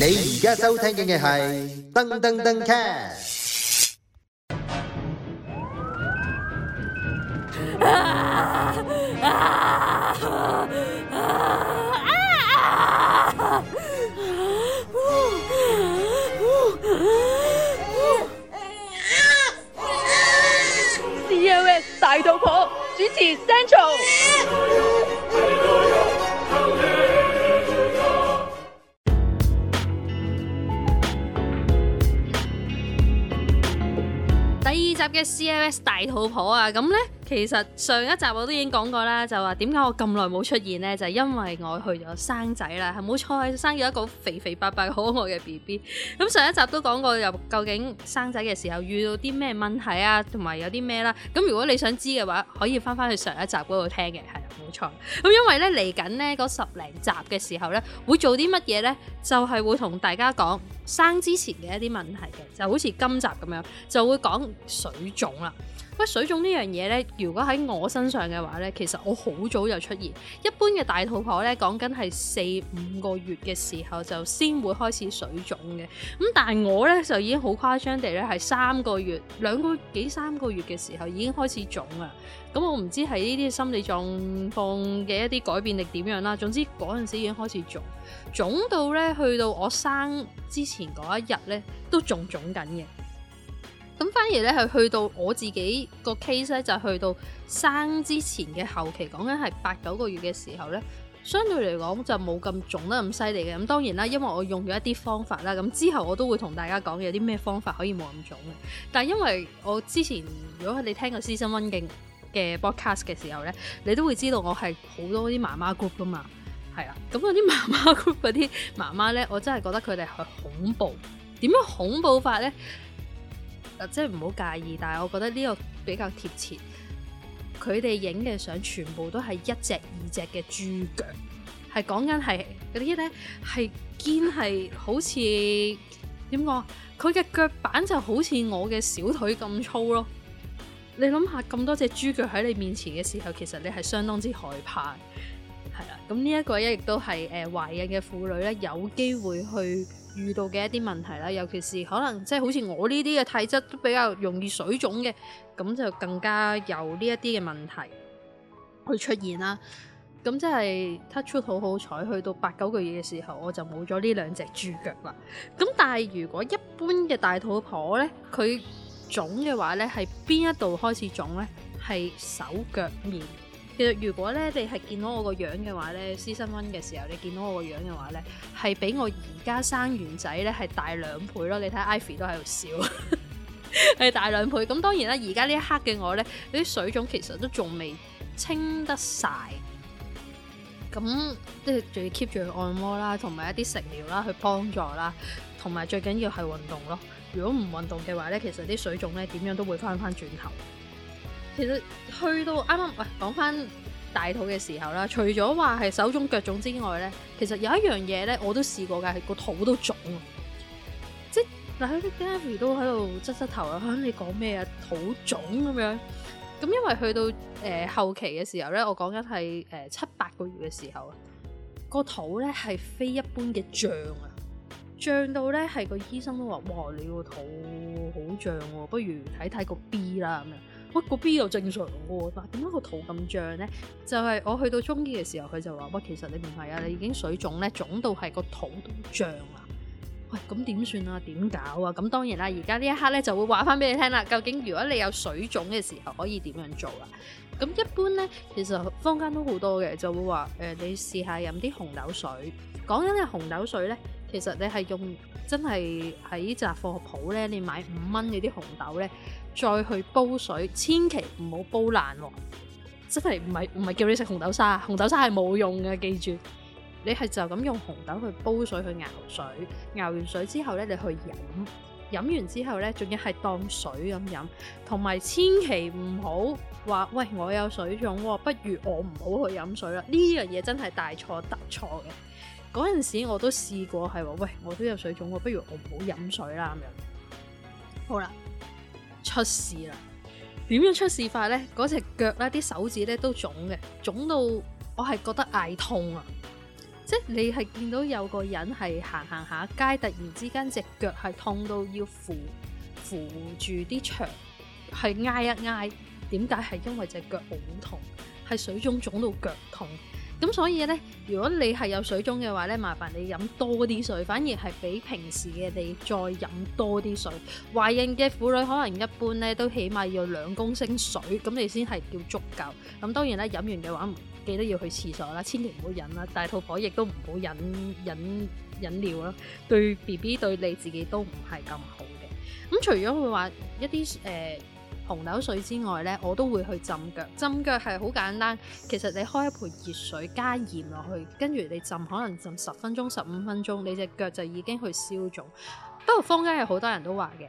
你而家收聽嘅係登登登 cat。COS 大肚婆主持 Central。集嘅 CLS 大肚婆啊，咁咧。其實上一集我都已經講過啦，就話點解我咁耐冇出現呢？就係因為我去咗生仔啦，係冇錯，生咗一個肥肥白白好可愛嘅 BB。咁上一集都講過，又究竟生仔嘅時候遇到啲咩問題啊，同埋有啲咩啦。咁如果你想知嘅話，可以翻翻去上一集嗰度聽嘅，係啦，冇錯。咁因為呢，嚟緊呢嗰十零集嘅時候呢，會做啲乜嘢呢？就係會同大家講生之前嘅一啲問題嘅，就好似今集咁樣，就會講水腫啦。喂，水腫呢樣嘢咧，如果喺我身上嘅話咧，其實我好早就出現。一般嘅大肚婆咧，講緊係四五個月嘅時候就先會開始水腫嘅。咁但係我咧就已經好誇張地咧，係三個月兩個幾三個月嘅時候已經開始腫喇。咁、嗯、我唔知係呢啲心理狀況嘅一啲改變力點樣啦。總之嗰陣時已經開始腫，腫到咧去到我生之前嗰一日咧都仲腫緊嘅。咁反而咧，係去到我自己個 case 咧，就去到生之前嘅後期，講緊係八九個月嘅時候咧，相對嚟講就冇咁腫得咁犀利嘅。咁當然啦，因為我用咗一啲方法啦。咁之後我都會同大家講有啲咩方法可以冇咁腫嘅。但係因為我之前，如果你聽個私生溫勁嘅 broadcast 嘅時候咧，你都會知道我係好多啲媽媽 group 噶嘛，係啦。咁嗰啲媽媽 group 嗰啲媽媽咧，我真係覺得佢哋係恐怖。點樣恐怖法咧？即係唔好介意，但係我覺得呢個比較貼切。佢哋影嘅相全部都係一隻、二隻嘅豬腳，係講緊係嗰啲咧，係肩係好似點講？佢嘅腳板就好似我嘅小腿咁粗咯。你諗下咁多隻豬腳喺你面前嘅時候，其實你係相當之害怕。係啦，咁呢一個咧亦都係誒懷孕嘅婦女咧有機會去。遇到嘅一啲問題啦，尤其是可能即係好似我呢啲嘅體質都比較容易水腫嘅，咁就更加有呢一啲嘅問題去出現啦。咁即係 touch out 好好彩，去到八九個月嘅時候，我就冇咗呢兩隻豬腳啦。咁但係如果一般嘅大肚婆呢，佢腫嘅話腫呢，係邊一度開始腫呢？係手腳面。.其實如果咧你係見到我個樣嘅話咧，私生瘟嘅時候你見到我個樣嘅話咧，係比我而家生完仔咧係大兩倍咯。你睇 Ivy 都喺度笑，係 大兩倍。咁當然啦，而家呢一刻嘅我咧，啲水腫其實都仲未清得晒。咁即係仲要 keep 住去按摩啦，同埋一啲食療啦去幫助啦，同埋最緊要係運動咯。如果唔運動嘅話咧，其實啲水腫咧點樣都會翻翻轉頭。其實去到啱啱喂，講翻大肚嘅時候啦，除咗話係手腫腳腫之外咧，其實有一樣嘢咧，我都試過嘅係個肚都腫啊！即係嗱，啲 Gerry 都喺度側側頭啦，你講咩啊？肚腫咁樣？咁因為去到誒、呃、後期嘅時候咧，我講緊係誒七八個月嘅時候啊，個肚咧係非一般嘅脹啊，脹到咧係個醫生都話：，哇，你個肚好脹喎、哦，不如睇睇個 B 啦咁樣。喂，個 B 又正常喎，嗱，點解個肚咁脹咧？就係我去到中醫嘅時候，佢就話：，喂，其實你唔係啊，你已經水腫咧，腫到係個肚都脹啦。喂，咁點算啊？點搞啊？咁當然啦，而家呢一刻咧就會話翻俾你聽啦。究竟如果你有水腫嘅時候，可以點樣做啊？咁一般咧，其實坊間都好多嘅，就會話：誒，你試下飲啲紅豆水。講緊嘅紅豆水咧。其實你係用真係喺雜貨鋪咧，你買五蚊嗰啲紅豆咧，再去煲水，千祈唔好煲爛喎！即係唔係唔係叫你食紅豆沙，紅豆沙係冇用嘅，記住。你係就咁用紅豆去煲水去熬水，熬完水之後咧，你去飲，飲完之後咧，仲要係當水咁飲，同埋千祈唔好話，喂，我有水腫喎，不如我唔好去飲水啦。呢樣嘢真係大錯特錯嘅。嗰陣時我都試過係話，喂，我都有水腫，不如我唔好飲水啦咁樣。好啦，出事啦！點樣出事法呢？嗰隻腳咧，啲手指咧都腫嘅，腫到我係覺得嗌痛啊！即係你係見到有個人係行行下街，突然之間隻腳係痛到要扶扶住啲牆，係捱一捱。點解係因為隻腳好痛？係水腫腫到腳痛。咁所以咧，如果你係有水腫嘅話咧，麻煩你飲多啲水，反而係比平時嘅你再飲多啲水。懷孕嘅婦女可能一般咧都起碼要兩公升水，咁你先係叫足夠。咁當然咧，飲完嘅話，記得要去廁所啦，千祈唔好飲啦。大肚婆亦都唔好飲飲飲料啦，對 B B 對你自己都唔係咁好嘅。咁除咗佢話一啲誒，呃紅豆水之外呢，我都會去浸腳。浸腳係好簡單，其實你開一盆熱水加鹽落去，跟住你浸，可能浸十分鐘、十五分鐘，你隻腳就已經去消腫。不過坊間有好多人都話嘅。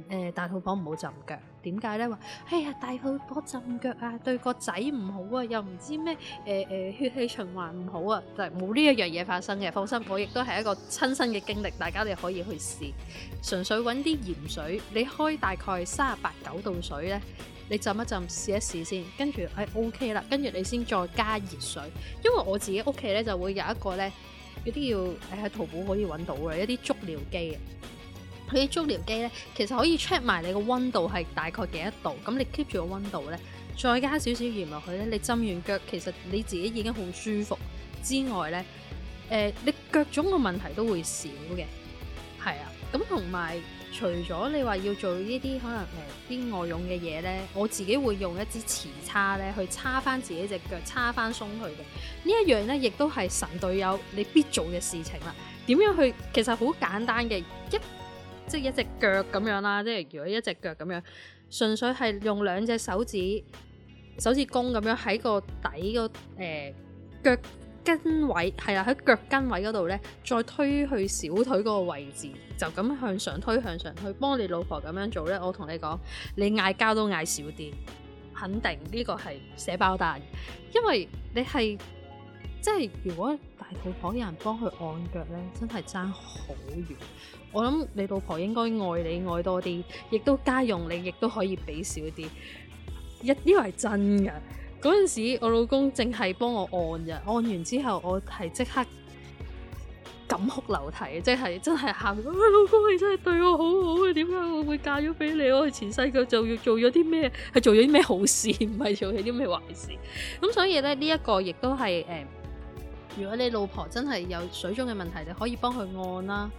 誒、呃，大肚婆唔好浸腳，點解咧？話哎呀，大肚婆浸腳啊，對個仔唔好啊，又唔知咩誒誒，血氣循環唔好啊，就冇呢一樣嘢發生嘅。放心，我亦都係一個親身嘅經歷，大家你可以去試，純粹揾啲鹽水，你開大概三十八九度水咧，你浸一浸，試一試先，跟住係 OK 啦，跟、啊、住、OK、你先再加熱水，因為我自己屋企咧就會有一個咧，有啲要誒喺淘寶可以揾到嘅，一啲足療機。佢啲足療機咧，其實可以 check 埋你個溫度係大概幾多度。咁你 keep 住個溫度咧，再加少少鹽落去咧，你浸完腳其實你自己已經好舒服之外咧，誒、呃，你腳腫嘅問題都會少嘅。係啊，咁同埋除咗你話要做呢啲可能誒啲、呃、外用嘅嘢咧，我自己會用一支瓷叉咧去叉翻自己隻腳，叉翻鬆佢嘅呢一樣咧，亦都係神隊友你必做嘅事情啦。點樣去其實好簡單嘅一。即係一隻腳咁樣啦，即係如果一隻腳咁樣，純粹係用兩隻手指手指公咁樣喺個底個誒腳跟位係啦，喺腳跟位嗰度咧再推去小腿嗰個位置，就咁向上推向上去幫你老婆咁樣做咧。我同你講，你嗌交，都嗌少啲，肯定呢個係寫包單，因為你係。即係如果大肚婆有人幫佢按腳咧，真係爭好遠。我諗你老婆應該愛你愛多啲，亦都家用你，亦都可以俾少啲。一呢個係真嘅。嗰陣時我老公淨係幫我按嘅，按完之後我係即刻感哭流涕，即係真係喊，哎。老公你真係對我好好啊！點解我會嫁咗俾你？我前世就要做咗啲咩？係做咗啲咩好事？唔係做咗啲咩壞事？咁所以咧呢一個亦都係誒。嗯如果你老婆真係有水腫嘅問題，你可以幫佢按啦。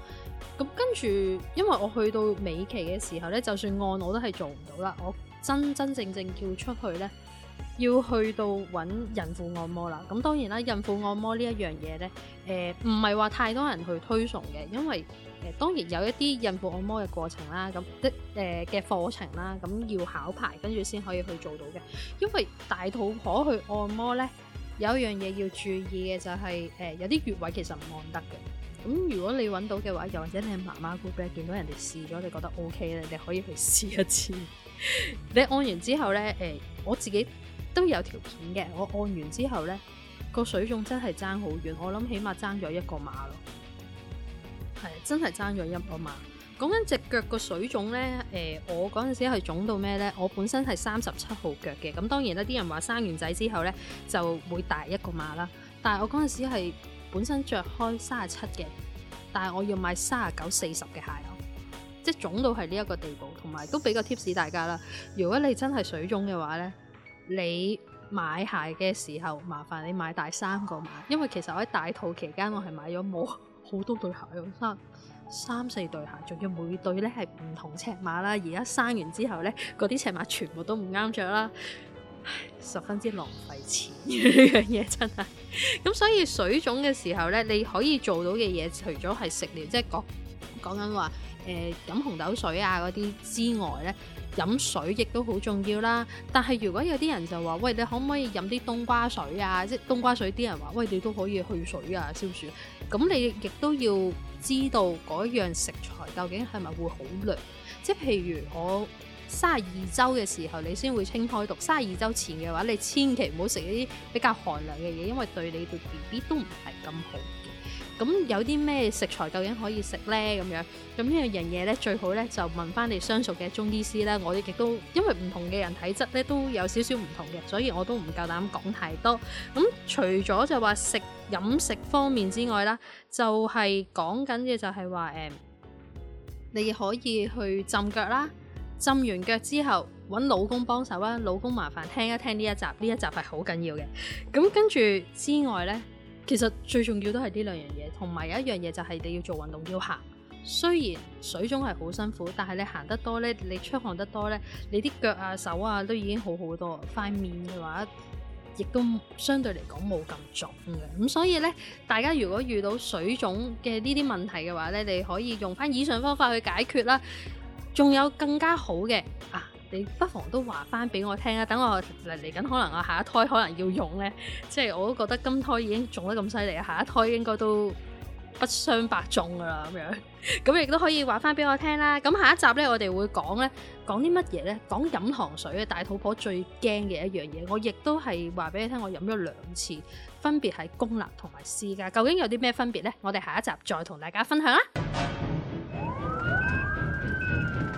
咁跟住，因為我去到尾期嘅時候咧，就算按我都係做唔到啦。我真真正正叫出去咧，要去到揾孕婦按摩啦。咁當然啦，孕婦按摩呢一樣嘢咧，誒唔係話太多人去推崇嘅，因為誒、呃、當然有一啲孕婦按摩嘅過程啦，咁、呃、的誒嘅課程啦，咁要考牌跟住先可以去做到嘅。因為大肚婆去按摩咧。有一樣嘢要注意嘅就係、是，誒、呃、有啲穴位其實唔按得嘅。咁、嗯、如果你揾到嘅話，又或者你係媽媽 group 見到人哋試咗，你覺得 O K 咧，你可以去試一次。 你按完之後咧，誒、呃、我自己都有條片嘅。我按完之後咧，個水腫真係爭好遠，我諗起碼爭咗一個碼咯。係，真係爭咗一個碼。講緊隻腳個水腫呢，誒、呃，我嗰陣時係腫到咩呢？我本身係三十七號腳嘅，咁當然啦，啲人話生完仔之後呢就會大一個碼啦。但係我嗰陣時係本身着開三十七嘅，但係我要買三十九、四十嘅鞋咯，即係腫到係呢一個地步，同埋都俾個 tips 大家啦。如果你真係水腫嘅話呢，你買鞋嘅時候麻煩你買大三個碼，因為其實我喺大肚期間我係買咗冇。好多對鞋啊，三三四對鞋，仲要每對咧係唔同尺碼啦。而家生完之後咧，嗰啲尺碼全部都唔啱着啦，十分之浪費錢。呢樣嘢真係，咁所以水腫嘅時候咧，你可以做到嘅嘢，除咗係食療，即係講講緊話，誒、呃、飲紅豆水啊嗰啲之外咧。飲水亦都好重要啦，但係如果有啲人就話：喂，你可唔可以飲啲冬瓜水啊？即係冬瓜水，啲人話：喂，你都可以去水啊，消暑。咁你亦都要知道嗰樣食材究竟係咪會好涼。即係譬如我三十二周嘅時候，你先會清開毒。三十二周前嘅話，你千祈唔好食呢啲比較寒涼嘅嘢，因為對你對 B B 都唔係咁好。咁有啲咩食材究竟可以食咧？咁樣咁呢樣嘢咧，最好咧就問翻你相熟嘅中醫師啦。我哋亦都因為唔同嘅人體質咧都有少少唔同嘅，所以我都唔夠膽講太多。咁除咗就話食飲食方面之外啦，就係講緊嘅就係話誒，你可以去浸腳啦。浸完腳之後揾老公幫手啊！老公麻煩聽一聽呢一集，呢一集係好緊要嘅。咁跟住之外咧。其實最重要都係呢兩樣嘢，同埋有一樣嘢就係你要做運動要行。雖然水腫係好辛苦，但係你行得多呢，你出汗得多呢，你啲腳啊手啊都已經好好多。塊面嘅話，亦都相對嚟講冇咁腫嘅。咁所以呢，大家如果遇到水腫嘅呢啲問題嘅話呢，你可以用返以上方法去解決啦。仲有更加好嘅啊！你不妨都話翻俾我聽啊！等我嚟緊，可能我下一胎可能要用呢，即係我都覺得今胎已經種得咁犀利，下一胎應該都不相伯仲噶啦咁樣。咁亦都可以話翻俾我聽啦。咁下一集呢，我哋會講呢，講啲乜嘢呢？講飲糖水嘅大肚婆最驚嘅一樣嘢。我亦都係話俾你聽，我飲咗兩次，分別係公立同埋私家，究竟有啲咩分別呢？我哋下一集再同大家分享啦。